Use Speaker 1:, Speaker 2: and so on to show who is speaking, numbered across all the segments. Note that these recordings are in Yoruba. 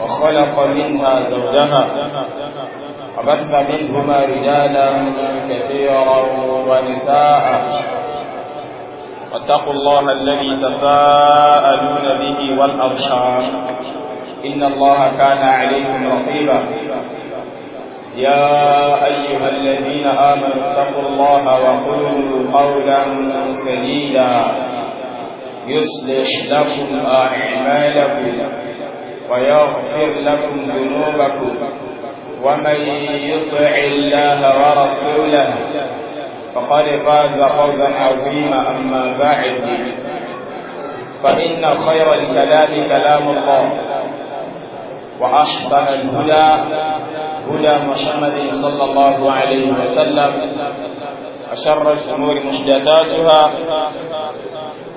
Speaker 1: وخلق منها زوجها
Speaker 2: وبث منهما رجالا كثيرا ونساء
Speaker 1: واتقوا الله الذي تساءلون به والابشار إن الله كان عليكم رقيبا يا أيها الذين آمنوا اتقوا الله وقولوا قولا سديدا يصلح لكم أعمالكم ويغفر لكم ذنوبكم ومن يطع الله ورسوله فقد فاز فوزا عظيما أما بعد
Speaker 2: فإن خير الكلام كلام الله وأحسن الهدى هدى محمد صلى الله عليه وسلم
Speaker 3: وشر الأمور محدثاتها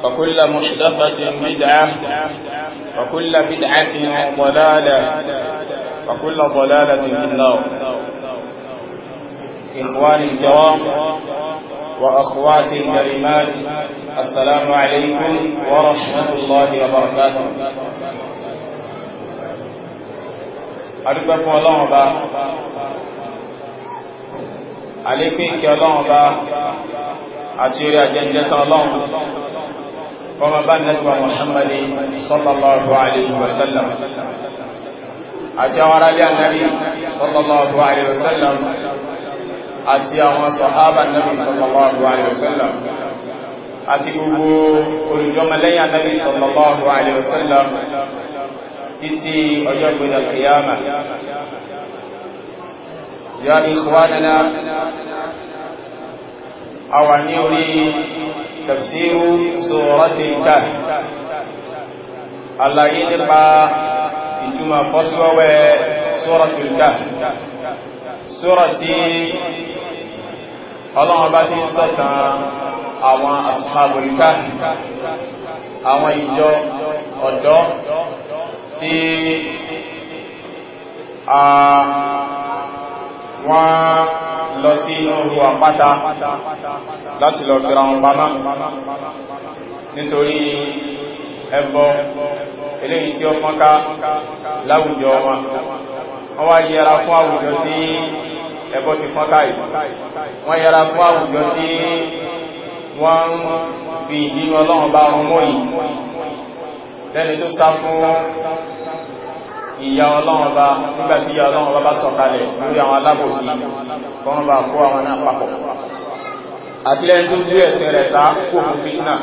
Speaker 2: وكل محدثة بدعة وكل بدعة ضلالة وكل ضلالة في النار إخواني الكرام
Speaker 1: وأخواتي الكريمات السلام عليكم ورحمة الله وبركاته
Speaker 2: أرجوكم الله با عليكم الله با أتيري أجنجة الله kọmọ bá nẹ́gbà Muhammadi sallallahu alaihi wasallam àti àwọn arábí annabi sallallahu alaihi wasallam àti àwọn sọ̀hábà annabi
Speaker 1: sallallahu alaihi wasallam àti gbogbo olùjọmọlẹ́yìn annabi sallallahu alaihi wasallam
Speaker 2: títí ọjọ́ gbẹ̀dẹ̀ kìyàmà
Speaker 1: ya ikhwanana a wà ní tafsiru suratul kahf àlàyé nípa ìtumọ̀ fọ́síwọ́wẹ́ suratul kahf
Speaker 2: sura tí ọlọ́run bá ti sọ̀tàn àwọn ashabul kahf àwọn ìjọ ọ̀dọ́ tí
Speaker 1: a wọ́n lọ sí orúkọ àpáta láti lọ fẹ́ra wọn bá máa nítorí ẹbọ eléyìí tí ó fọ́nká láwùjọ wọn wọ́n wá yẹra fún àwùjọ tí ẹbọ ti fọ́nká yìí wọ́n yẹra fún àwùjọ tí
Speaker 2: wọ́n ń fi ìdí ọlọ́run bá wọn yìí lẹ́ni tó sá fún ìyà ọlọ́run bá nígbàtí ìyà ọlọ́run bá sọ̀kalẹ̀ lórí àwọn alábòsí fọ́n bá kó àwọn náà papọ̀
Speaker 1: àti lẹ́yìn tó gbé ẹ̀sìn rẹ̀ sá kó fún fitna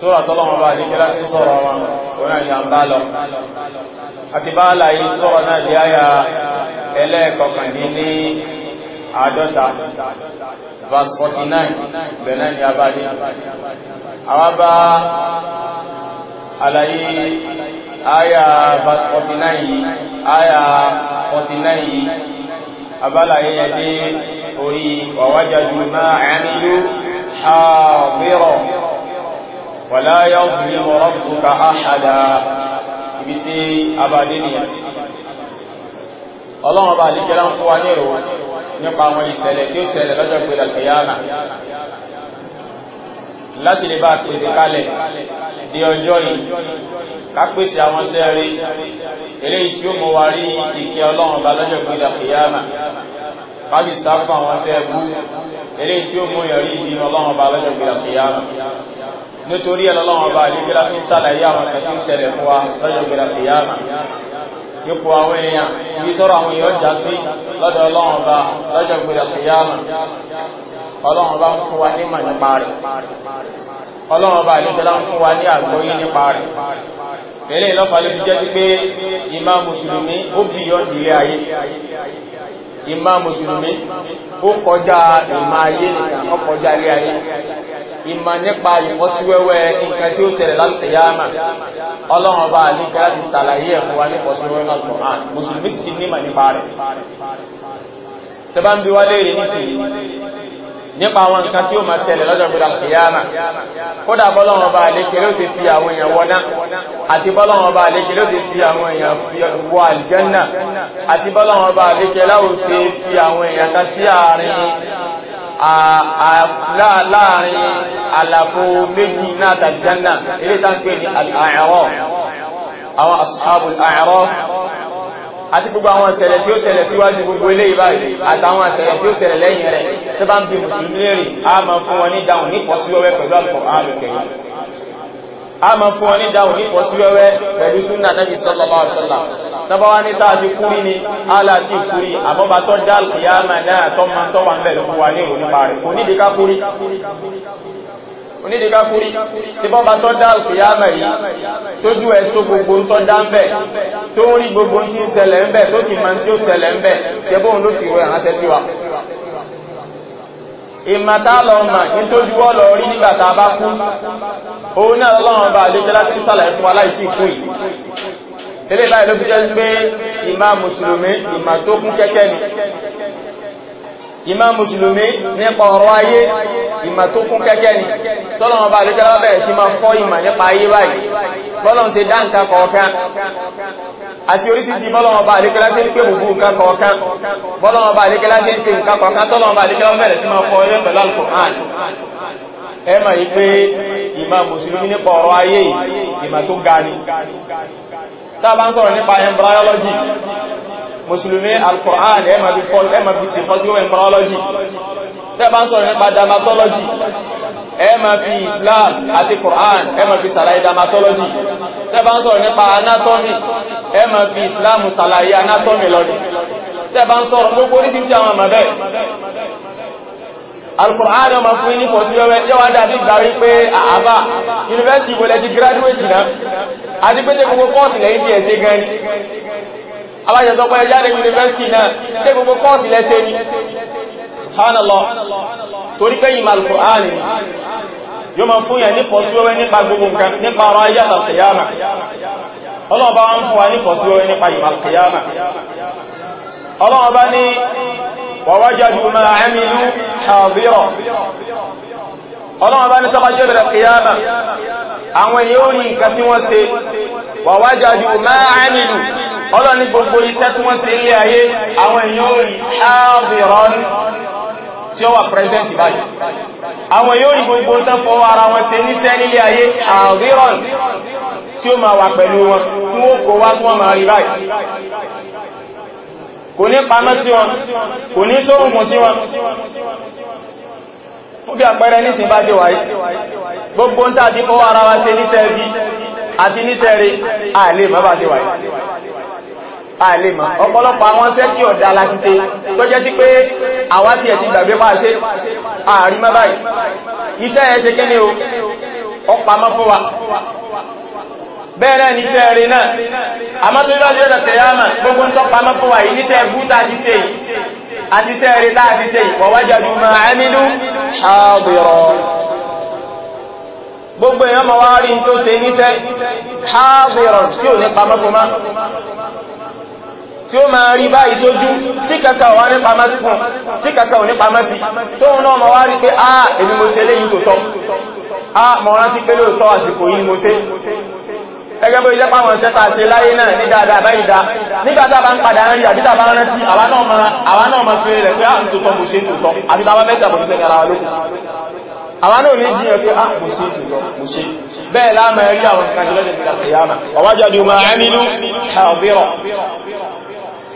Speaker 1: sóra tọ́lọ́run bá ní kílá sí sọ̀rọ̀ wọn òun àyà ń bá lọ
Speaker 2: àti bá láyé sọ̀rọ̀ náà di àyà ẹlẹ́ẹ̀kọkàndínní àádọ́ta verse
Speaker 1: 49 bẹ̀rẹ̀ ní abáyé àwọn bá àlàyé aya verse 49 yìí aya 49 yìí abala yẹyẹ dé orí wàwájájú máa àníyú ààbírọ̀ wàlá yọ́ fi mọ̀rọ̀kù ka áhàdá ibi tí a bá dé nìyà
Speaker 2: ọlọ́run bá lè kẹ́lá ń fún wa ní ìrò nípa àwọn ìṣẹ̀lẹ̀ tí ó ṣẹlẹ̀ lọ́jọ́ pẹ̀lú àkìyàmà láti lè bá pèsè kalẹ̀ di ọjọ́ yìí ká pèsè àwọn sẹ́ẹ̀rí eléyìí tí ó mú wa rí ìkẹ́ ọlọ́run bá lọ́jọ́ gbé dàkìyàmà káàkiri sáfà àwọn sẹ́ẹ̀bú eléyìí tí
Speaker 1: ó mú yọrí ìdí ọlọ́run bá lọ́jọ́ gbé dàkìyàmà nítorí ọlọ́run bá nígbìlá fi sàlàyé àwọn kẹtí ìṣẹ̀lẹ̀ fún wa lọ́jọ́ gbé dàkìyàmà ipò àwọn èèyàn yìí tọ́rọ àwọn èèyàn já sí lọ́dọ̀ ọlọ́run bá lọ́jọ́ gbé dàkìyàmà
Speaker 2: ọlọ́run bá ń fún wa ní mọ̀ nípa rẹ̀ ọlọ́run bá lè tẹ́lá fún wa ní àgbọ́yé nípa rẹ̀ fẹ́lẹ̀ ìlọ́fà ló fi jẹ́ sí pé ìmá mùsùlùmí ó bí yọ́ ilé ayé ìmá mùsùlùmí ó kọjá ìmá ayé nìkan ó kọjá ilé ayé ìmá nípa ìfọ́síwẹ́wẹ́ nǹkan tí ó ṣẹlẹ̀ láti yáàmà
Speaker 1: ọlọ́run ah, bá lè tẹ́lá ti sàlàyé ẹ̀fún wa nífọ́síwẹ́wẹ́
Speaker 2: nípa àwọn nǹkan tí ó máa ṣẹlẹ̀ lọ́jọ́ gbọ́dá kìyàmà kódà bọ́lọ́wọ́ bá alékèrè ó sì fi àwọn èèyàn wọ́ná àti bọ́lọ́wọ́ bá alékèrè ó sì fi àwọn èèyàn wọ àlìjẹ́nà
Speaker 1: àti bọ́lọ́wọ́ bá alékèrè ó sì fi àwọn èèyàn àti gbogbo àwọn ìṣẹ̀lẹ̀ tí ó ṣẹlẹ̀ síwájú gbogbo ilé ìbáyìí àtàwọn ìṣẹ̀lẹ̀ tí ó ṣẹlẹ̀ lẹ́yìn rẹ̀ tó bá ń bí mùsùlùmí lérè a máa fún wọn ní dáhùn ní fọ́síwẹ́wẹ́ pẹ̀lú àpọ̀ àlùkẹ́yìn a ma fún wọn ní dáhùn ní pọ̀síwẹ́wẹ́ pẹ̀lú súnà sallallahu alaihi wasallam tọba wá ní tàà ti kúrí ni aláti kúrí àbọ́bà tó dáàlù kìyàmà náà tọ́ ma tọ́wà ń bẹ̀rẹ̀ fún wa ní ìrònípa rẹ̀ kò nídìí ká kúrí
Speaker 2: onídìíká kúrí tí bọ́n bá tọ́ dá alkiyama yìí tójú ẹ̀ tó gbogbo ń tọ́ dá ń bẹ̀ tó ń rí gbogbo tí ń ṣẹlẹ̀ ń bẹ̀ tó sì máa tí ó ṣẹlẹ̀ ń bẹ̀ ṣẹbọ́n ló fi wẹ̀ ránṣẹ́ sí wa
Speaker 1: ìmàtà lọ́mà ní tó jùwọ́ lọ rí nígbàtà bá kú òun náà lọ́wọ́n bá àdéjẹ́ láti sàlẹ̀ fún aláìsí kú yìí ilé báyìí ló bíjẹ́ pé ìmá mùsùlùmí ìmà tó kún kẹ́kẹ́ ni ìmá mùsùlùmí nípa ọ̀rọ̀ ayé ìmà tó kún kẹ́kẹ́ ni tọ́lọ́wọ́n bá àríkẹ́ lábẹ̀rẹ̀ sí máa fọ́ ìmà nípa ayé báyìí bọ́lọ́n ṣe dáǹkà kọ̀ọ̀kan
Speaker 2: àti orísìsì bọ́lọ́wọ́n bá àríkẹ́ láṣẹ́ ń pè
Speaker 1: gbogbo nǹkan kọ̀ọ̀kan
Speaker 2: bọ́lọ́wọ́n bá àríkẹ́ láṣẹ́ ń ṣe nǹkan kọ̀ọ̀kan tọ́lọ́wọ́n bá àríkẹ́ lábẹ̀rẹ̀ sí máa fọ́ ilé pẹ̀lú
Speaker 1: Al-Qur'an ẹ mà yí pé ìmà mùsùlùmí nípa ọ̀rọ̀ ayé
Speaker 2: ìmà tó ga ni tá a bá ń sọ̀rọ̀ nípa embryology
Speaker 1: mùsùlùmí Al-Qur'an ẹ mà bí sí fọ́síwọ́ embryology
Speaker 2: tẹ́ bá ń sọ̀rọ̀ nípa
Speaker 1: dermatology ẹ Islam àti Quran ẹ máa dermatology
Speaker 2: tẹ́ bá ń sọ̀rọ̀ nípa anatomy
Speaker 1: ẹ Islam sàlàyé anatomy lọ́dún tẹ́ bá ń sọ̀rọ̀ gbogbo oríṣiríṣi àwọn ọmọ bẹ́ẹ̀
Speaker 2: Al-Qur'an ọmọ fún ní fọ̀síwẹ́wẹ́ yọ́wà dàbí ìgbà rí pé àbá yúnivẹ́sì ìbò lẹ́ti gíráduwétì náà àti pé tẹ́ gbogbo kọ́ọ̀sì lẹ́yìn tí ẹ ṣe gan ní abájẹ́ tọ́pọ̀ ẹjá lẹ́yìn yúnivẹ́sì náà tẹ́ gbogbo kọ́ọ̀sì lẹ́ṣẹ́ ní subhanallah torí pé ìmọ̀ al-Qur'an yóò máa fún yẹn nípọ̀ sí wẹ́wẹ́ nípa gbogbo nǹkan nípa ara ayé al-qiyama ọlọ́ọ̀bá wọn fún wa nípọ̀ sí wẹ́wẹ́ nípa ìmọ̀ al-qiyama ọlọ́ọ̀bá ní wa wajadu ma amilu hadira
Speaker 1: ọlọ́wọ́ bá ní tọ́bá jẹ́ bẹ̀rẹ̀ kìyàmà àwọn èyí ó rí tí ó wà pẹ́sẹ̀ntì báyìí
Speaker 2: àwọn yóò rí gbogbo tán fọwọ́ ara wọn ṣe ní sẹ́nílé ayé àríran tí ó máa wà pẹ̀lú wọn tí wọ́n kò wá tí wọ́n máa rí báyìí
Speaker 1: kò ní paná sí wọn kò ní sórùnkùn sí wọn fún bí àpẹẹrẹ nísìn bá ṣe wáyé gbogbo ń tàbí fọwọ́ ara wa ṣe níṣẹ́ bí
Speaker 2: àti níṣẹ́ rí àìlè mọ́ bá ṣe wáyé
Speaker 1: àìlèmọ̀ ọ̀pọ̀lọpọ̀ àwọn iṣẹ́ tí ọ̀dá láti ṣe tó jẹ́ sí pé àwa tí ẹ̀ ti gbàgbé máa ṣe ààrín mọ́ báyìí
Speaker 2: iṣẹ́ ẹ̀ ṣe kíní o
Speaker 1: ọpamọ́ fún wa bẹ́ẹ̀rẹ̀ ní iṣẹ́ rẹ̀ náà
Speaker 2: àmọ́ tó bá jẹ́ ọ̀dọ̀tẹ̀ yáàmà gbogbo ń tọ́pamọ́ fún wa yìí
Speaker 1: níṣẹ́ búta ti ṣe yìí àti iṣẹ́ rẹ̀ táà ti ṣe yìí wajadu ma amilu hadira gbogbo èèyàn mọ̀ wá rí tó ṣe níṣẹ́
Speaker 2: hadira tí ò ní pamọ́ fún ma
Speaker 1: tí ó máa rí báyìí sójú tí kàkà wà ní pàmásí fún tí kàkà ò ní pàmásí tó ń náà mọ̀ wá rí pé a èmi mo ṣe léyìn tòótọ́ a mọ̀ rántí pé lóòtọ́ àsìkò yìí mo ṣe ẹgbẹ́ bó ìjẹ́pá wọn ṣẹta ṣe láyé náà ní dáadáa báyìí dá nígbàtà bá ń padà rí àbíta bá rántí àwa náà mọ̀ sí rẹ̀ pé a ń tòótọ́ mo ṣe tòótọ́ àbíta bá mẹ́ta bọ̀ sí ẹ̀rọ alókùn
Speaker 2: àwọn náà méjì yẹn pé ápù sí ìtùlọ
Speaker 1: kò ṣe bẹ́ẹ̀ láàmà ẹ̀rí àwọn ìkàjọ́lẹ́dẹ̀ ìdàkìyàmà ọwájọ́dù máa ẹ̀mìnú ṣàbírọ̀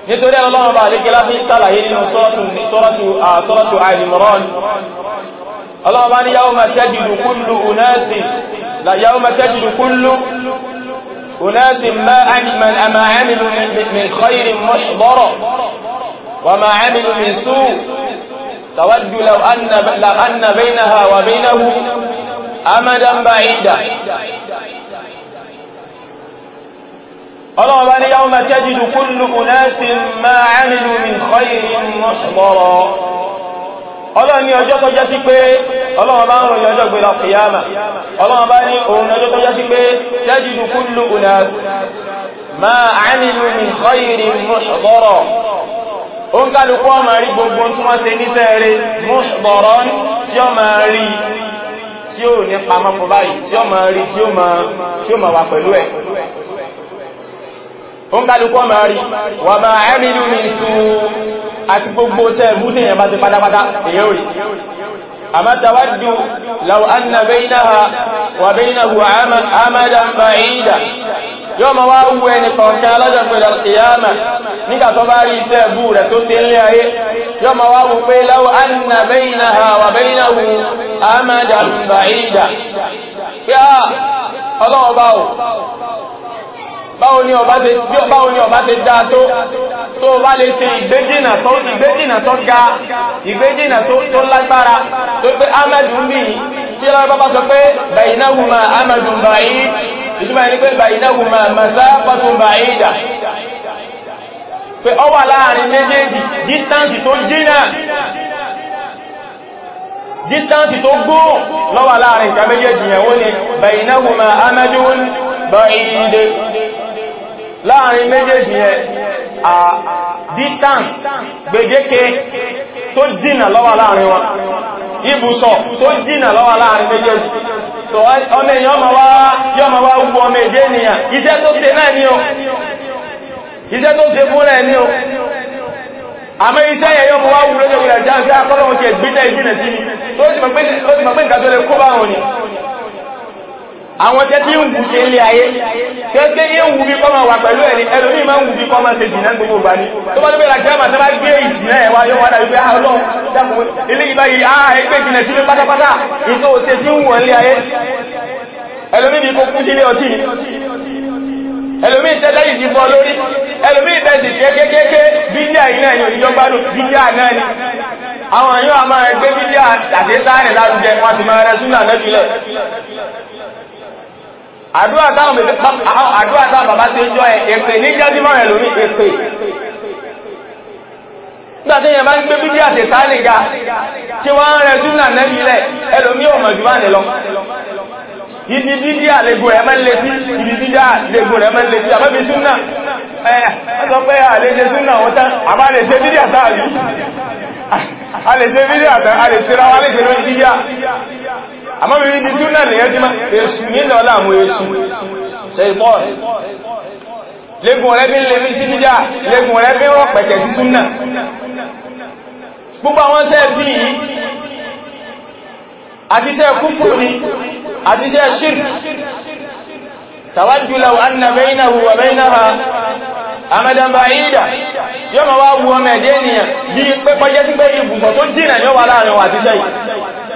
Speaker 1: nítorí ọlọ́run bá àdíkẹ́lá fi sàlàyé nínú sọ́rọ̀tù àìlìmọ̀rán ọlọ́run bá ní yàwó mẹ́tẹ́jìdù kúlù unẹ́sì yàwó mẹ́tẹ́jìdù kúlù unẹ́sì ma'amilu min khairin mọ́rọ̀ wa ma'amilu min su
Speaker 2: tawaddu law anna bainaha wa bainahu amadan ba'ida
Speaker 1: ọlọ́wọ́ bá ní yàwó máa tẹ́jì lùkúlù kùnẹ́sì máa àmìlú min khairin mọ́ṣùmọ́rọ̀ ọlọ́wọ́ ní ọjọ́ tó jẹ́ sí pé ọlọ́wọ́ bá ń ròyìn ọjọ́ gbé lọ́kìyàmà ọlọ́wọ́ bá ní òun ọjọ́ tó jẹ́ sí pé tẹ́jì lùkúlù kùnẹ́sì máa àmìlú min khairin mọ́ṣùmọ́rọ̀ ó ń kálukú ọmọ rí gbogbo tí wọ́n ṣe ní sẹ́ẹ̀rẹ́ mọ́ṣùmọ́rọ̀ tí ó máa rí
Speaker 2: tí ó ní pamọ́ fún báyìí tí ó máa rí tí ó máa wà pẹ̀lú ẹ̀
Speaker 1: ó ń kálùkọ́ máa rí wà máa ẹ́mìlú ní ìsú àti gbogbo ṣẹ́ mútí èyàn bá ti pátápátá èyàn rí àmá tàwádù láwọ́ anna bẹ́ináha wà bẹ́ináhu àmàdà ba'ida yóò ma wá wú ẹni kọ̀ọ̀kẹ́ alájọ̀gbẹ̀dà báwo ni ọba ṣe bí báwo ni ọba ṣe dáa tó tó bá lè ṣe ìgbéjìnà tó ìgbéjìnà tó ga ìgbéjìnà tó lágbára tó pé amadu ń bì tí ọlọ́rọ̀ bá sọ pé bàyínáhùmá amadu bàyí ìtumọ̀ ẹni pé bàyínáhùmá masáfàtù bàyídà
Speaker 2: pé ọ wà láàrin méjèèjì distance tó jìnà
Speaker 1: distance tó gùn ló wà láàrin ìkà méjèèjì yẹn wọ́n ni bàyínáhùmá amadu bàyídà láàrin méjèèjì yẹn a distance gbèdéke tó jìnà lọ́wọ́ láàrin wọn ibùsọ̀ tó jìnà lọ́wọ́ láàrin méjèèjì
Speaker 2: tó ọmọ èèyàn ọmọ wá yọmọ wá wú ọmọ èdè ènìyàn iṣẹ́ tó ṣe náà ni o
Speaker 1: iṣẹ́ tó ṣe fún rẹ̀ ni o
Speaker 2: àmọ́ iṣẹ́ yẹ yọmọ wá wú lójọ́
Speaker 1: àwọn tẹ́ tí ń wù ṣe ilé ayé
Speaker 2: tí ó tẹ́ yíò wù bí kọ́ máa wà pẹ̀lú ẹ̀rí ẹlòmí
Speaker 1: máa ń wù bí kọ́ máa ṣe jìnà gbogbo ìgbà ní tó bá lóbẹ̀rẹ̀ àti àmà tó bá gbé ìjìnà ẹ̀wà yóò wádà wípé ah, ọlọ́run ilé ìbáyìí àà ah, ẹgbẹ́ jìnà sí pátápátá ìtò òṣè tí ń wù ilé ayé ẹlòmí bí kó kú sí ilé ọtí ẹlòmí tẹ́lẹ̀ ìdí fọ́ lórí ẹlòmí ìbẹ̀sì kékékéké bídíà iná ẹ̀yìn ìjọgbádùn bídíà náà ni
Speaker 2: àwọn èèyàn a máa gbé bídíà àti sáàrẹ̀ lárúgẹ wọn ti máa rẹ súnà lẹ́fìlẹ̀
Speaker 1: àdúrà táwọn bàbá ṣe jọ ẹ̀pẹ̀ ní jẹ́júmọ́ rẹ̀ lórí ẹ̀pẹ̀ nígbàtí yẹn bá ń gbé bíbí àti sáàlì ga tí wọ́n ń rẹ̀ súnà nẹ́bí ilẹ̀ ẹlòmí ọmọ jù máa nìlọ
Speaker 2: ibi bíbí àlego rẹ̀ mẹ́lẹ̀ sí ibi
Speaker 1: bíbí àlego rẹ̀ mẹ́lẹ̀ sí àbẹ́bí súnà
Speaker 2: ẹ̀ ọ́sọ pé àlejẹ súnà wọ́n tán àbá lè ṣe bíbí àtàrí àmọ́ mi ní súnà nìyẹn tí máa èṣù nílọ láàmú èṣù ṣe ìpọ́ lẹ́gùn rẹ̀ bí lè rí sí níjà lẹ́gùn rẹ̀ bí rọ̀ pẹ̀kẹ̀ sí súnà gbogbo àwọn ṣẹ́ bí i
Speaker 1: àti ṣẹ́ kúfùrù ni àti ṣẹ́ ṣírk tàwájú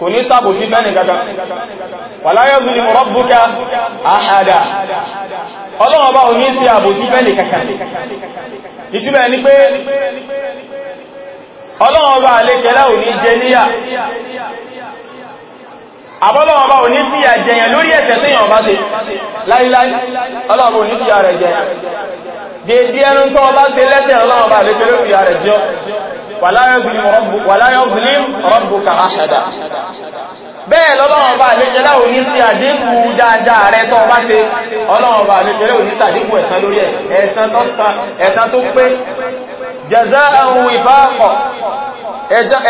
Speaker 2: kò ní sáàbò sí fẹ́ nìkaka wala yazlimu rabbuka ahada ọlọ́wọ́ bá o ní sí àbò sí fẹ́ nìkaka ìtumẹ̀ ní pé ọlọ́wọ́ bá alékẹ́lá ní jẹ níyà àbọ́lọ́wọ́ o ní sí àjẹyàn lórí
Speaker 1: wàláyọ́gbìlìm rọ́bùkà àṣàdà bẹ́ẹ̀ lọ́lọ́wọ́n bá àlejẹ́lá ò ní sí àdínkù dáadáa rẹ tó bá ṣe
Speaker 2: ọlọ́wọ́n bá àlejẹ́lá ò ní sí àdínkù ẹ̀san lórí ẹ̀ ẹ̀san tó pé
Speaker 1: jazā'an wifāqan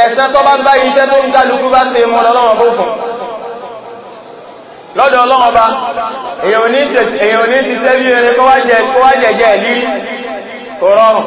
Speaker 1: ẹ̀san tó bá ń bá iṣẹ́ tó ń dálukú bá ṣe mọ́ lọ́lọ́wọ́n bó fún lọ́dọ̀ ọlọ́wọ́n bá
Speaker 2: èèyàn ní ti sẹ́bí ẹ̀rẹ́ kọ́wàjẹ̀ ẹ̀lírí kò rọrùn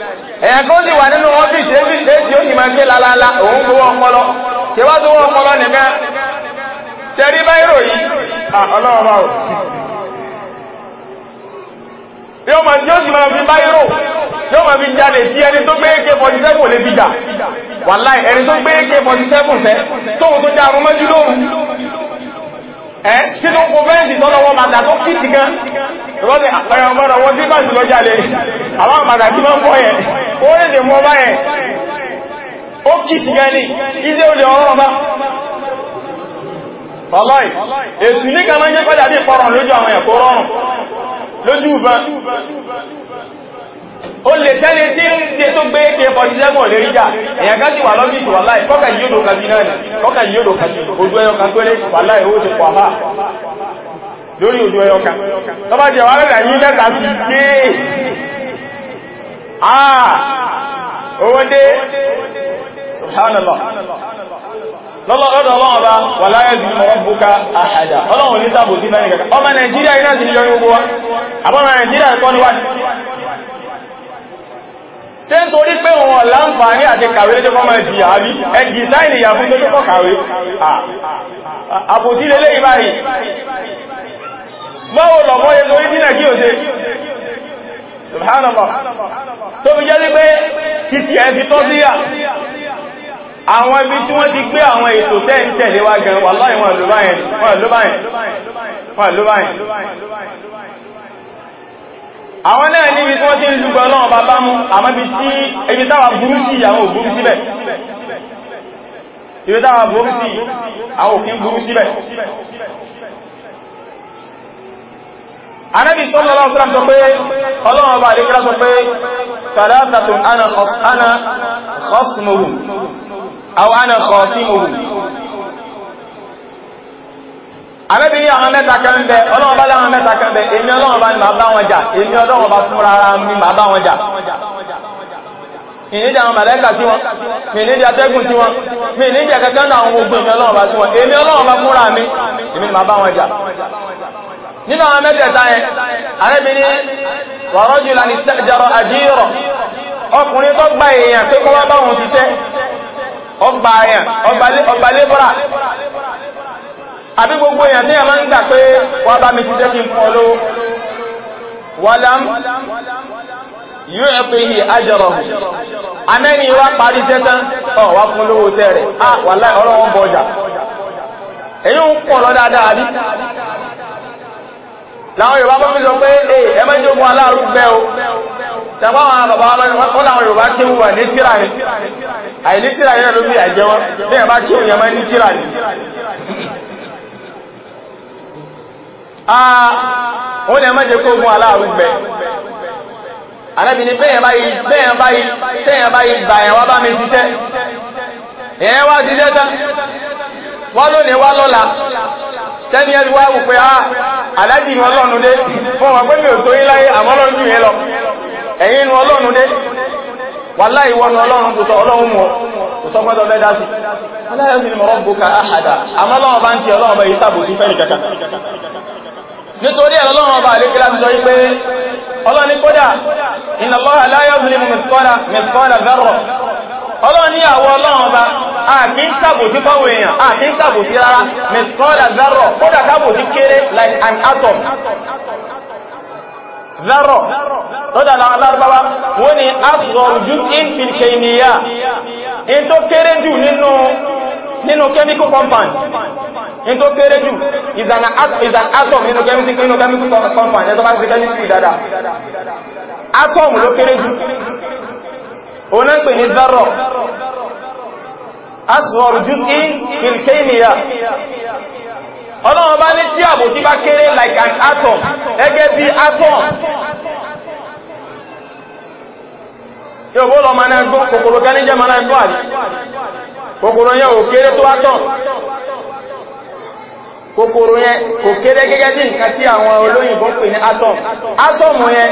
Speaker 2: èyàn kan ti wà nínú ọ́fíìsì si ó sì máa ké lálálá òun gbówó ọpọlọ tí wá gbówó ọpọlọ nìkan
Speaker 1: tẹ́rí báírò yìí ọlọ́ọ̀mọ́ ò yóò máa yóò sì máa fi yóò fi jalè sí ẹni tó 47 lè fi ẹni tó 47 sẹ́ tó já lóòrùn ẹ́ eh, kí tó kó fẹ́ǹsì tọ́lọ́wọ́ bàtà tó kìtì gan rọ́lẹ̀ àpẹẹrẹ wọ́n sí bàtì lọ jáde àwọn bàtà tí wọ́n kọ́ yẹ ó lè lè mọ́ bá yẹ
Speaker 2: ó kìtì gan ní ilé olè ọ̀rọ̀ bá ọlọ́ì èsù ní kan
Speaker 1: ó lè tẹ́lẹ̀ tí ń jẹ tó gbé k47 lè ríjà èyàn ká sí wà lọ́bìsì wà láì kọ́kà yíò dò kàṣì náà nì kọ́kà yíò dò kàṣì ojú ẹyọ kan tó lè wà láì ó ti pọ̀ àmà lórí ojú ẹyọ kan tó bá jẹ wà rẹ̀ yí mẹ́ta sí ké àà owó dé
Speaker 2: subhanallah lọ́lọ́dọ̀ ọlọ́run ọba wà láyé jù mọ́ búká àṣàjà ọlọ́run ní sábò sí náà nìkàkà ọmọ nàìjíríà iná sí ní yọ ṣe ń torí pé wọn láǹfààní àti kàwé lójọ́ fọ́mọ̀ ẹ̀jì àbí ẹ̀jì sáìnì
Speaker 1: ìyàfún tó jọ́kọ̀ kàwé
Speaker 2: àpòsí lélé ìbáyìí
Speaker 1: báwo lọ̀mọ́ yẹ torí sínà kí o ṣe
Speaker 2: subhanallah tó fi jẹ́ sí pé títí ẹ̀ fi tọ́ sí yà àwọn ibi tí wọ́n ti gbé àwọn ètò tẹ́ẹ̀tẹ̀lé wa gan wà láì wọn ló
Speaker 1: àwọn náà ní ibi tí wọ́n ti ń lùgbọ́ náà bàbá mú àmọ́bí tí ebi táwà burú sí àwọn òbúrú síbẹ̀ ibi táwà burú sí
Speaker 2: àwọn òfin burú síbẹ̀ anábi sallallahu alaihi wasallam sọ pé
Speaker 1: ọlọ́run
Speaker 2: àbẹ́bí ní àwọn mẹ́ta kan ń bẹ ọlọ́wọ́ bá láwọn mẹ́ta kan bẹ èmi ọlọ́wọ́ bá ní màá bá wọn jà èmi ọlọ́wọ́ bá fún rárá mi màá bá wọn jà ìníjà àwọn màlẹ́kà sí wọn ìníjà tẹ́gùn sí wọn mi ìníjà kẹta náà àwọn ogun èmi ọlọ́wọ́ bá sí wọn èmi ọlọ́wọ́ bá fúnra mi èmi ni màá bá wọn jà
Speaker 1: nínú àwọn mẹ́tẹ̀ẹ̀ta yẹn àrẹ́bí ní
Speaker 2: wàrọ́jù lani jẹrọ àjíyọrọ
Speaker 1: ọkùnrin tó gba èèyàn pé kọ́ wá bá wọn ṣiṣẹ́ ọgbà àbí gbogbo èèyàn tí ẹ̀mọ́ ń gbà pé wà bá mi ṣiṣẹ́ kí n fún ọlọ́ wàlám yóò
Speaker 2: amẹ́ni wá parí tẹ́tán
Speaker 1: ọ̀ fún olówó sẹ́ rẹ̀ ah wàláì ọ̀rọ̀ bọjà èyí ń pọ̀ o tẹ́gbọ́n
Speaker 2: àwọn bàbá
Speaker 1: Aa! Ah, ní ẹmọ́ jẹ́ kó mú aláàrúgbẹ̀ gbẹ! ni bẹ́yàn báyìí bẹ́yàn báyìí tẹ́yàn báyìí bàyàn wá bá mi ṣiṣẹ́
Speaker 2: ẹ̀yẹn wá sí lẹ́ta wá lónìí wá lọ́la
Speaker 1: tẹ́ni ẹni wá wùpẹ́ á alájì ah, inú ọlọ́run fún wọn pé mi ò tó yẹn lọ ẹ̀yìn wà láì wọnú ọlọ́run kò sọ ọlọ́run mọ̀ kò sọ aláyọ̀ ni mọ̀rọ̀ bùkà nítorí ẹ̀lọ́lọ́wọ́ ọba àríkílá ti sọ wípé
Speaker 2: ọlọ́ni kódà inna Allaha la yuzlimu mithqala dharra
Speaker 1: ọlọ́ni àwọ ọlọ́wọ́ ọba àkí ń sàbòsí fáwọn èèyàn àkí ń sàbòsí rárá mithqala dharra kódà kábòsí like atom dharra
Speaker 2: lọ́dà láwọn lárúbáwá wọ́n ni asghar juz'in fil kaymiyyah
Speaker 1: in tó kéré jù nínú chemical ní tó kéré jù is an atom nínú chemical company bá
Speaker 2: atom ló kéré
Speaker 1: ní zarro asghar tí like an atom bí atom bó lọ ma náà gbọ́ kòkòrò ní ma náà gbọ́ àrí
Speaker 2: kòkòrò yẹ́ tó atom
Speaker 3: kòkòrò yẹn kò kéré gẹ́gẹ́ sí nǹkan tí àwọn olóyìnbó pè ní atom atom yẹn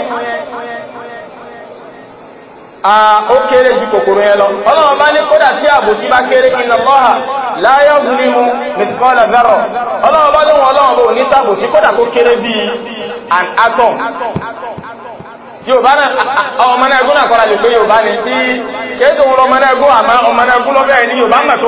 Speaker 1: ó kéré jù kòkòrò yẹn lọ ọlọ́run bá ní kódà tí àbòsí bá kéré inna Allaha la yuzlimu mithqala dharra ọlọ́run bá lóhun ọlọ́run bó ní sàbòsí kódà kó kéré bí an atom yóòbá ọmọnẹ́gún náà kọ́lá lè pé yóòbá ní tí kéèkò ọmọnẹ́gún àmọ́ ọmọnẹ́gún
Speaker 2: lọ́fẹ́ ní yóòbá mọ̀ tó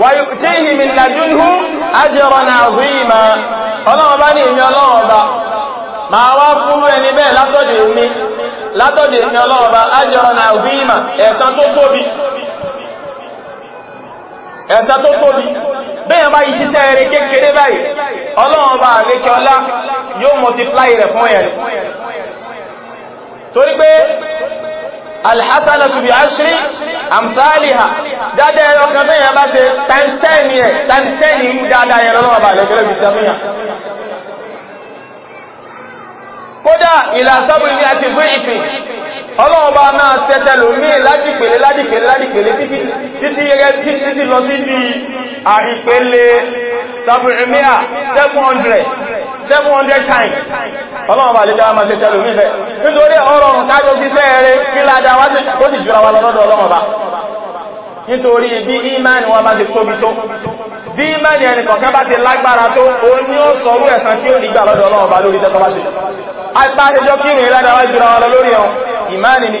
Speaker 1: ويؤتيه من لدنه أجرا ma ọlọ́run bá ní ìmí
Speaker 3: ma wá fún ẹni bẹ́ẹ̀ látọ̀dẹ̀ ìmí
Speaker 2: látọ̀dẹ̀ ìmí ọlọ́run ọba ajran azima ẹ̀san tó tóbi
Speaker 1: ẹ̀san tó tóbi bẹ́yàn bá ìṣiṣẹ́ ẹ̀rẹ́ kékeré báyìí ọlọ́run multiply alhassanatu bi ashri amthaliha dáadáa ẹ̀rọ kan tẹ́yàn bá ṣe tàǹtẹ́ni ẹ̀ tàǹtẹ́ni ń dáadáa ẹ̀rọ lọ́wọ́ bá lẹ́gbẹ̀rẹ̀ bí sàmìyà
Speaker 2: kódà ìlàsábìrì ní àti bú ìfì ọlọ́ọ̀bá
Speaker 1: náà tẹ́tẹ́ lómi ládìpele ládìpele ládìpele títí yẹgẹ́ títí lọ sí bí àìpele sàbìrì 700 700 times ọlọ́run bá lè dáwà máa ṣe tẹ́lù mí bẹ́ nítorí ọrọ̀rùn kájọ sí sẹ́ẹ̀rẹ́ kí ládá wá sí ó sì jura wa lọ́dọ̀ ọlọ́run bá nítorí bí ìmáni wọn bá ti tóbi tó bí ìmáni ẹni kọ̀ọ̀kan bá ti lágbára tó ó ní ó sọrú ẹ̀san tí ó nígbà lọ́dọ̀ ọlọ́run bá lórí tẹ́tọ́ bá ṣe
Speaker 2: agbáṣẹjọ́ kírùn-ún wá jura wa lórí ẹ̀ ìmáni ni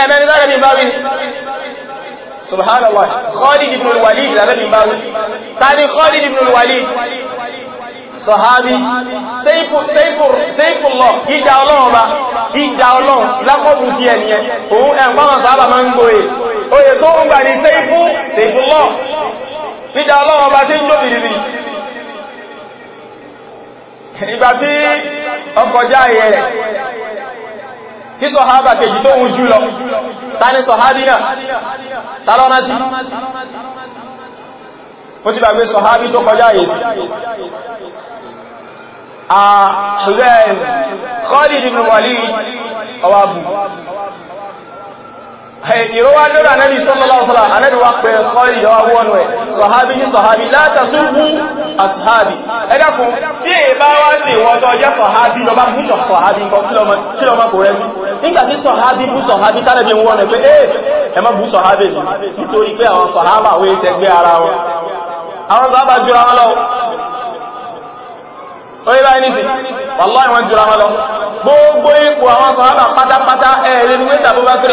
Speaker 2: ẹ̀mẹ́ni lára mi bá wí subhanallah Khalid ibn al-Walid lára mi bá wí tani Khalid ibn al-Walid sahabi Saifullah ìdá ọlọ́run bá ìdá ọlọ́run
Speaker 1: lákọ̀bù sí ẹniyẹ òun ẹ̀mọ́ràn sábà máa ń gbòye oye tó ń gbà ní Saifullah ìgbà tí ọkọjá ẹ̀yẹ kí sọ̀hábà kejì tó wù jùlọ tani sọ̀hábì náà tàlọ́nà sí
Speaker 2: ó ti gbàgbé sọ̀hábì tó kọjá yìí
Speaker 1: a ṣùgbẹ́n Khalid ibn Walid ọwàbù ìrọwà lórí ànábì sọ́lọ́lọ́sọ́lá ànábì wá pẹ̀ Khalid ìyọwọ́nù ẹ̀ sọ̀hábì sí sọ̀hábì látàṣúgbù àṣìhábì ẹ̀dàkùn tí èbá wá sí ìwọ́tọ̀ jẹ́ sọ̀hábì lọ bá mú nígbàtí sọ̀hábí bú sọ̀hábí tánàbí wọ́n rẹ̀ pé ẹ má bú sọ̀hábí mi nítorí pé àwọn sọ̀hábà wé tẹgbẹ́ ara wọn
Speaker 2: àwọn sọ̀hábà jùra wọn lọ
Speaker 1: orí bá ní sí wàláì jùra wọn lọ
Speaker 2: gbogbo ipò àwọn sọ̀hábà
Speaker 1: pátápátá ẹ̀rẹ́ ní mẹ́ta gbogbo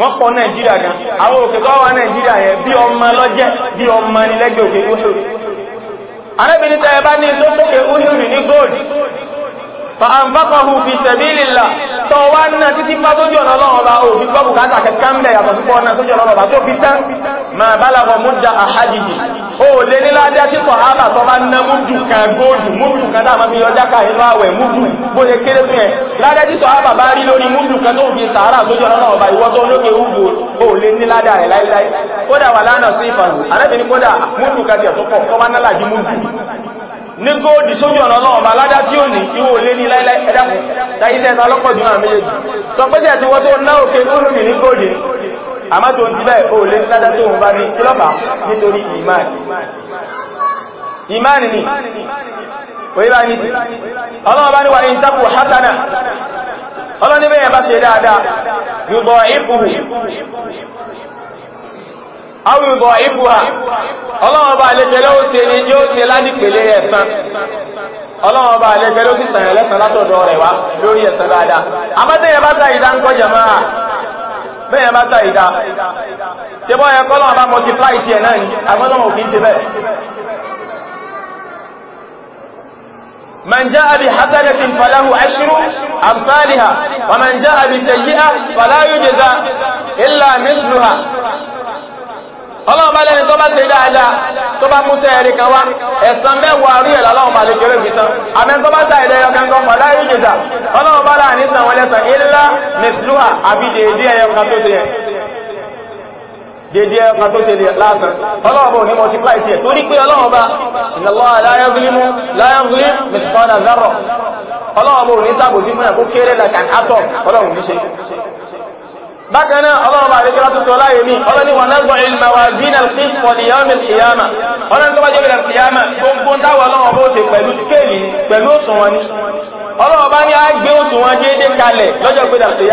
Speaker 1: wọ́n pọ̀ nàìjíríà gan àwọn òkè tó wà nàìjíríà yẹ bí ọmọ lọ́jẹ́ bí ọmọ ní òkè uhud arẹ́bìnrin tẹ́ bá ní tó sókè uhud ní gold fa anfaqahu fi sabilillah tó wá náà títí pá ọ̀nà ọlọ́ọ̀bá o fi gbọ́ bùkátà yàtọ̀ sí pọ́ sójú ọ̀nà tó fi tán ma bálàwọ̀ múdà àhádìí o lè ní ládá tí sọ̀hábà tó bá ná múdù kan góòdù múdù kan dáa mafi ọjá ká inú àwẹ̀ múdù bó lè kéré fún ẹ̀ ládá tí sọ̀hábà bá rí lórí múdù kan tó fi sàárà sójú ọ̀nà ọba ìwọ́tọ́ ológe ugbò o lè ní ládá rẹ̀ láíláí kódà wà lánà sí ìfàrù arábìnrin kódà múdù kan tẹ̀ tó pọ̀ kọ́ bá nálà jí múdù ní góòdì sójú ọ̀nà náà ọba aládá tí ó ní ìwò olé ní láíláí ẹ̀dá ìdẹ́ta ọlọ́pọ̀ jù náà méjèèjì sọ pé jẹ́ ti wọ́n tó náà òkè lórí ní góòdì
Speaker 2: àmá tó ń ti bẹ́ẹ̀ lè ládá tó ń bá ní kílọ́pàá nítorí ìmáàni ìmáàni ni òyíbá ní ti ọlọ́wọ́ bá níwà in taku hasana ọlọ́ni bá ṣe dáadáa yùbọ̀ ìfúhù
Speaker 1: awùbọ̀ ìfúhà
Speaker 2: ọlọ́wọ́ bá lẹ́kẹ̀lẹ́ ó ṣe ní yóò ṣe ládìpele ọlọ́wọ́ bá lẹ́kẹ̀lẹ́ ó sì sàn ẹ̀lẹ́sàn látọ̀dọ̀ rẹ̀ wá lórí ẹ̀san dáadáa bá máa bẹ́yẹn bá sáà ìdá ṣe bọ́ ẹ̀kọ́ lọ́wọ́ bá multiply ti ẹ̀ náà ni agbọ́nàmọ̀ òfin ṣe bẹ́ẹ̀ من جاء بحسنة فله عشر أمثالها ومن جاء بسيئة فلا يجزى إلا مثلها
Speaker 1: ọlọ́ọ̀bá lẹ́ni tó bá ṣe dáadáa
Speaker 2: tó bá mú sẹ́ẹ̀rí kan wá ẹ̀san mẹ́wàá rí ẹ̀lá ọlọ́ọ̀bá lè kéré
Speaker 1: fi tán àmẹ́ tó bá ṣàìdẹ́ ọkànkan pàdá ìjẹta ọlọ́ọ̀bá láàrin sàn wọlé sàn ilá mẹ́sìlúwà àbí dèédé ẹyọkan tó ṣe yẹn dédé ẹ̀kan tó ṣe lásán ọlọ́ọ̀bọ̀ ní multiply sí ẹ̀ torí pé ọlọ́ọ̀bá ìnàlọ́ aláyọ́gbìlímú láyọ́gbìlí mẹ́tọ́nà zárọ̀
Speaker 2: ọlọ́ọ̀bọ̀ ní
Speaker 1: bákaná ọlọ́ọ̀bà àríkẹ́lá tó sọ láyé ní ọlọ́ni wà náà ìlmàwàzínà kíṣpọ̀ ní yọ́mìn kìyàmà
Speaker 2: ọlọ́ni tó bá jẹ́ bẹ̀rẹ̀ kìyàmà gbogbo dáwà ọlọ́wọ́ bó ṣe pẹ̀lú
Speaker 1: skéèlì pẹ̀lú òṣùwọ̀n ni
Speaker 2: ọlọ́ọ̀bá ní á gbé òṣùwọ̀n déédé kalẹ̀ lọ́jọ́ gbé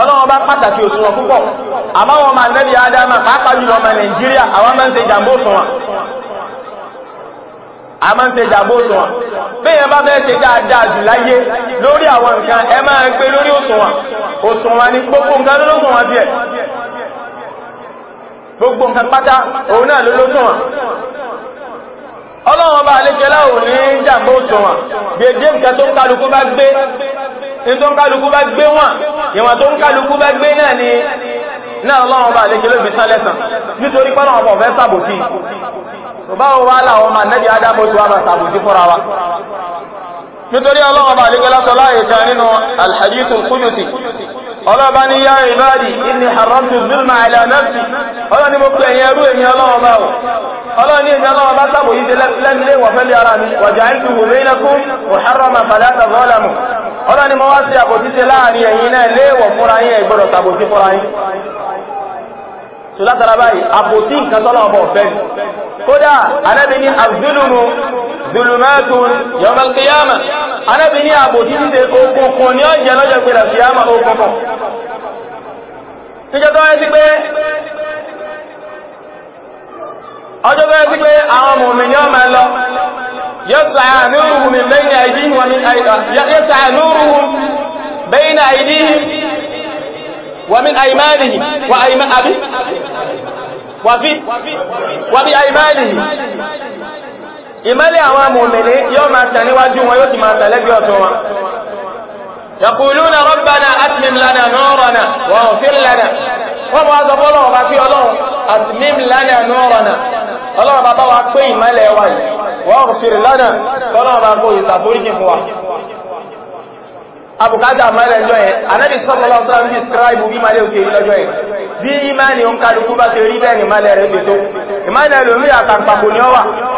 Speaker 1: ọlọ́wọ́ bá pàtàkì òṣùwọ̀n púpọ̀ àbáwọn ọmọ àgbẹ́bí adama pàápàá jùlọ ọmọ nàìjíríà àwọn máa ń ṣe ìjàmbó òṣùwọ̀n a máa ń ṣe ìjàmbó òṣùwọ̀n bẹ́yẹn bá fẹ́ ṣe dáadáa jù láyé lórí àwọn nǹkan ẹ máa ń pè lórí òṣùwọ̀n òṣùwọ̀n ní gbogbo nǹkan lólóṣùwọ̀n tiẹ̀ gbogbo nǹkan pátá òun náà lólóṣùwọ̀n
Speaker 2: ọlọ́wọ́n bá alẹ́kẹ́lá ò ní ìjàmbó òṣùwọ̀n gbèdé
Speaker 1: nǹkan tó ń kálukú bá gbé wọn ìwọ̀n tó ń kálukú bẹ́ gbé náà ni
Speaker 2: náà lọ́wọ́ bá lékelé bí sálẹ́sàn nítorí pọ́nà ọmọ ọ̀fẹ́ sàbòsí
Speaker 1: báwo wá láwọn ọmọ nẹ́bí adábòsí wá máa sàbòsí fọ́ra wa nítorí ọlọ́wọ́ bá lékelé sọ láyé kan nínú ọlọ́ba ní yá ìbáàdì inni haramtu zulma ala nafsi ọlọ́ni mo ẹ̀yẹ rú èmi ọlọ́wọ́ bá wọ̀ ọlọ́ni èmi ọlọ́wọ́ bá sàbòsí lẹ́nu lé wọ̀fẹ́ ara mi wàjà ń tu wùmí ọlọ́ni mọ́ wá sí àbòsíṣe láàrin ẹ̀yin náà léèwọ̀ fúnra yín ẹ gbọ́dọ̀ sàbòsí fúnra yín tó látara báyìí àbòsí nǹkan tọ́lọ̀ ọmọ ọ̀fẹ́
Speaker 2: kódà Ànábì ní àzúlùmù zulumatun yawmal qiyamah Ànábì ní àbòsí ṣíṣe okùnkùn ní ọjẹ́ lọ́jọ́ pẹ̀lẹ̀ kìyàmà okùnkùn
Speaker 1: يسعى نورهم من بين أيديهم ومن يسعى نورهم
Speaker 2: بين أيديهم
Speaker 1: ومن أيمانهم وأيمان أبي
Speaker 2: وفي وبأيمانهم
Speaker 1: ìmẹ́lẹ̀ àwọn amòmìnì yóò máa tẹ̀ níwájú wọn yóò ti máa tẹ̀lẹ́gbẹ̀ẹ́ ọ̀tún wọn
Speaker 2: يقولون ربنا أتمم لنا نورنا واغفر لنا الله الله لنا لنا نورنا وغفر wọ́n wá sọ fọ́lọ́ ọba fí ọlọ́run àtìmím lánà nọ́ọ̀rọ̀nà
Speaker 1: ọlọ́run bàbá wa pé ìmẹ́lẹ̀ wà yìí wọ́n fèrè lánà fọ́lọ́run bá kó ìsàforíjì fún wa abùkátà mẹ́lẹ̀ jọ ẹ̀ anábì sọ́lọ́lọ́sọ́lọ́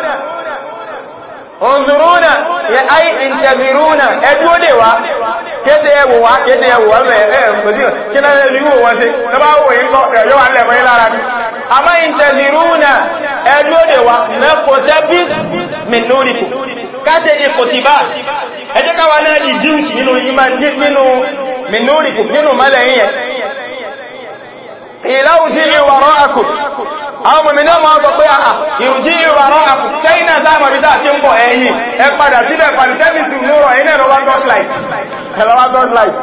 Speaker 1: ọ̀nzùrúnà ya ayi ìntẹ̀bìrúnà ẹdúó lè wá kéde ẹwò wá kéde ẹwò ọmọ ẹ̀ẹ̀mọ̀dí kí lẹ́lẹ́ ìwò wọ́n sí lọ́bá wò yí kọ́ ẹ̀yọ́ wà lẹ́mọ̀ yí lára ní àmá ìntẹ̀bìrúnà ẹdúó lè wá mẹ́kọ̀ọ́tẹ́bí mìnúrìkù káṣe ìkòtìbá ẹjẹ́ káwa náà di jíǹsì nínú àwọn mọ̀mìnà máa sọ pé àà ah, ah, ìrùjí ìrọ̀rọ̀ àpù china dáàmà bí dáà tí ń bọ̀ ẹ̀yìn ẹ padà síbẹ̀ pàdìsẹ́bìsì lóòrọ̀ iná ẹ̀rọ wá torchlight ẹ̀rọ wá torchlight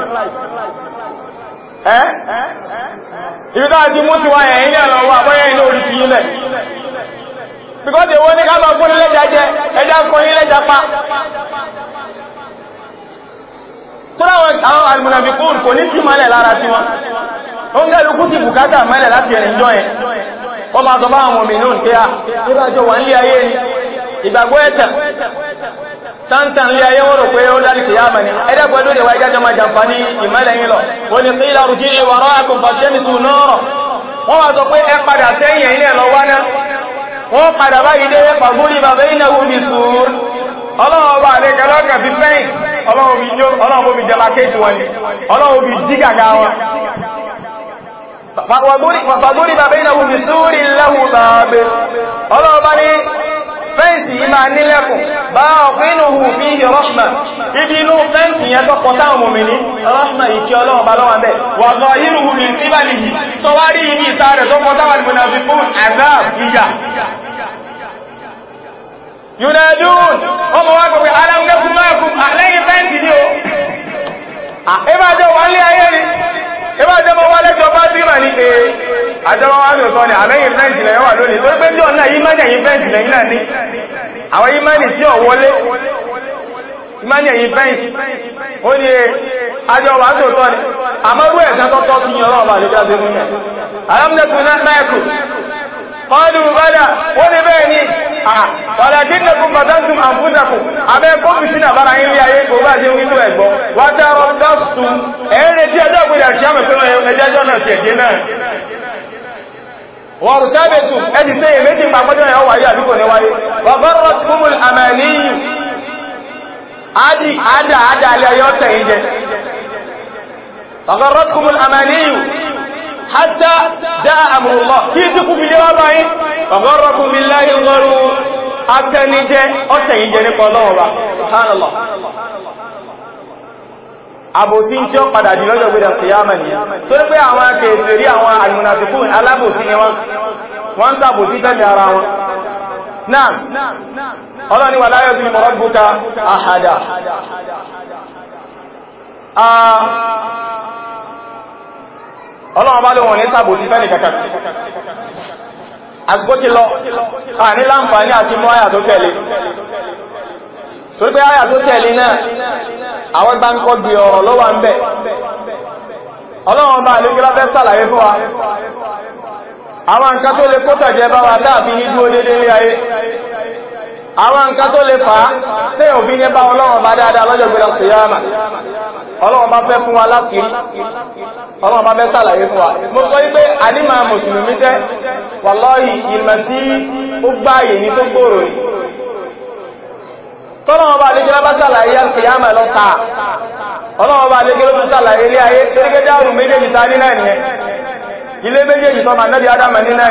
Speaker 1: ẹ́
Speaker 2: ibi dáà ti mú ti wá ẹ̀yìn ẹ̀rọ wá bọ́yẹ̀ ilé orí fi ilẹ̀
Speaker 1: because èwo ní káàbà
Speaker 2: fún ilẹ́jà jẹ ẹja ń kọ ilẹ́jà pa
Speaker 1: tó láwọn àwọn alìmọ̀nàbìkún kò ní sí mọ́lẹ̀ lára tiwọn
Speaker 2: ó ń gẹ́lú kú sí bùkátà mọ́lẹ̀ láti ẹ̀rìn jọ ẹ̀ wọ́n máa sọ bá àwọn òmìnà a ah, nígbàjọ wà nílé ayé ni ìgbàgbọ́ ẹ̀tẹ̀ tántàn lé ayé wọ́n rò pé ó dárí kìí àmà ní ẹ̀dẹ́gbẹ́ lóde wa máa
Speaker 1: jàǹfà ní ìmọ́lẹ̀yìn lọ wọ́n ni kílá rùjí ìwọ̀rọ̀ àkùnfàṣẹ́mìsù náà ihe bí jẹ́ lákéjì wọn
Speaker 2: ni wọn fàgbórí bàbá ìnáwó bí sórí lẹ́hùn bàbá ọlọ́ọ̀bá ní
Speaker 1: fẹ́ǹsì yìí máa nílẹ̀kùn bá ọ̀pínúhù bí i rọ́ṣmà ibi inú fẹ́ǹsì yẹn tó kọta òmìnirí rọ́ṣmà ìkí ọlọ́ọ̀bá lọ́wà bẹ́ wà ìwà àjọmọ́wà lẹ́jọ́ bá sí mà ní pé
Speaker 2: àjọmọ́wà ní ọ̀tọ́ ni àmẹ́yìn fẹ́ǹsì lẹ́yìn wà lónìí tó pé jọ náà ìmánì ẹ̀yìn fẹ́ǹsì lẹ́yìn náà ní àwọn ìmánì sí ọ̀wọ́lé ìmánì ẹ̀yìn fẹ́ǹsì ó ní e, àjọmọ́wà tó tọ́ ni àmọ́rú ẹ̀sán tọ́tọ́ sí yọrọ̀
Speaker 1: kọlu bada wani bẹ́ẹ̀ ni a wàlákin na kun mazantum an fúntakù abẹ́ kó fìtí na bára yìí ayé kò bá jẹ́ wíwú ẹ̀gbọ́ wata rọ́ta su ẹ̀rẹ́ tí ẹjọ́ gbìyà kí a mẹ́ fẹ́ràn ẹjọ́ náà ṣe jẹ́ náà wọ́n rùtábẹ̀ tù ẹni sẹ́ èméjì pàpọ́jọ́ ìyàwó wáyé àdúgbò ní wáyé wọ́bọ́rọ̀ tí múmù àmàlìyìn ádì ádà ádà alẹ́ ayọ́ tẹ̀yìn jẹ wọ́bọ́rọ̀ tí múmù àmàlìyìn حتى جاء أمر الله tí kú fi yẹ́ wá báyìí ọ̀gọ́rọ̀kú bí láyé gọ́rù akẹnijẹ́ سبحان الله jẹ́ nípa ọlọ́wọ́ wa subhanallah àbòsí tí ó padà jù lọ́jọ́ gbé dàkìyàmà ní tó ń pé àwọn akẹ́ẹ̀sẹ̀ rí àwọn alìmùnàfikún alábòsí ni wọ́n sàbòsí tẹ́lẹ̀ ara wọn náà
Speaker 2: ọlọ́ni wà láyọ̀ bí mọ̀rọ̀gbùka àhàdà ọlọ́wọ́ bá lóhun ní sàbòsí fẹ́ni kankan àsìkò ti lọ àní láǹfààní àti mú àyà tó tẹ̀lé
Speaker 1: torí pé àyà tó tẹ̀lé náà àwọn gbá ń kọ́ gbé ọ̀rọ̀ ló wà ń bẹ̀ ọlọ́wọ́ bá
Speaker 2: àwọn nǹkan tó lè fàá tí òbí ní bá ọlọ́run bá dáadáa lọ́jọ́ gbẹ̀rẹ̀ ṣìyàmà ọlọ́run bá fẹ́ fún wa láṣìírí ọlọ́run bá fẹ́ sàlàyé fún wa mo sọ wípé àníma mùsùlùmí jẹ́ wàlọ́yì ìmọ̀ tí ó gbáyè ní tó gbòòrò
Speaker 1: ilé méjèèjì adama ní náà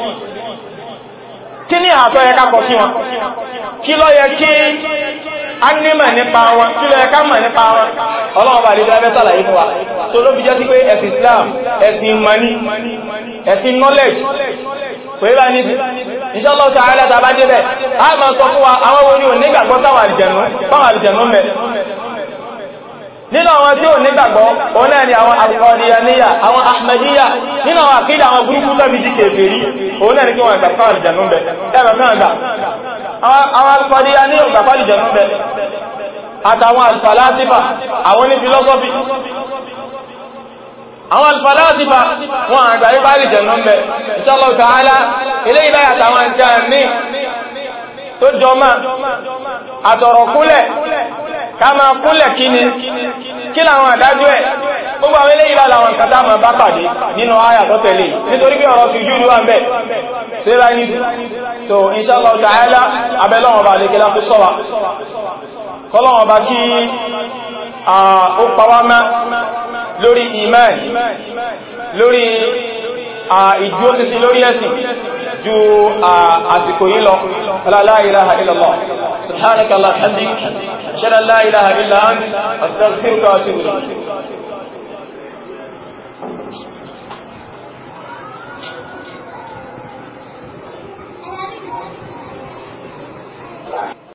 Speaker 1: kí ní àtọ́ yẹ ká wọn kí yẹ kí a nípa wọn kí ló yẹ ká nípa wọn ọlọ́ọ̀bà sàlàyé so ló fi jẹ́ sí pé Islam ẹ̀sìn mani ẹ̀sìn knowledge pẹ̀lá ní sí
Speaker 2: inshallah ta'ala tàbá débẹ̀ a ma sọ fún wa àwọn orí ò nígbàgbọ́
Speaker 1: nínú àwọn tí ò nígbàgbọ́ òun náà ni àwọn àwọn nínú àwọn àkídà àwọn òun náà ní kí wọ́n ìgbà fáwọn ìjànú bẹ̀ ẹ̀rọ náà gbà àwọn alùpàdé a ní ìgbà fáwọn ìjànú bẹ̀
Speaker 2: àtàwọn alùfàlásífà àwọn ní filosofi
Speaker 1: àwọn alùfàlásífà wọn àgbà ipá ìjànú bẹ̀ inshallah ta'ala ilé ìlà àtàwọn nǹkan ní tó jọmá àtọ̀rọ̀kúnlẹ̀
Speaker 2: ká máa kúnlẹ̀ kíni kí làwọn àdájú ẹ̀ gbogbo àwọn eléyìí lára àwọn
Speaker 1: kàtà máa bá pàdé nínú àyà tó tẹ̀lé nítorí pé ọ̀rọ̀ sùjúdù wà ń bẹ̀
Speaker 2: ṣe rá ní so inshallah ta'ala الله bá lékelá kó sọ́wà kọ́lọ́wọ̀n bá kí ó pàwá mẹ́ lórí iman lórí
Speaker 1: ìdúróṣinṣin lórí ẹ̀sìn ju àsìkò yìí lọ la ilaha illallah subhanaka allahumma hamdik shada la ilaha
Speaker 3: Thank you.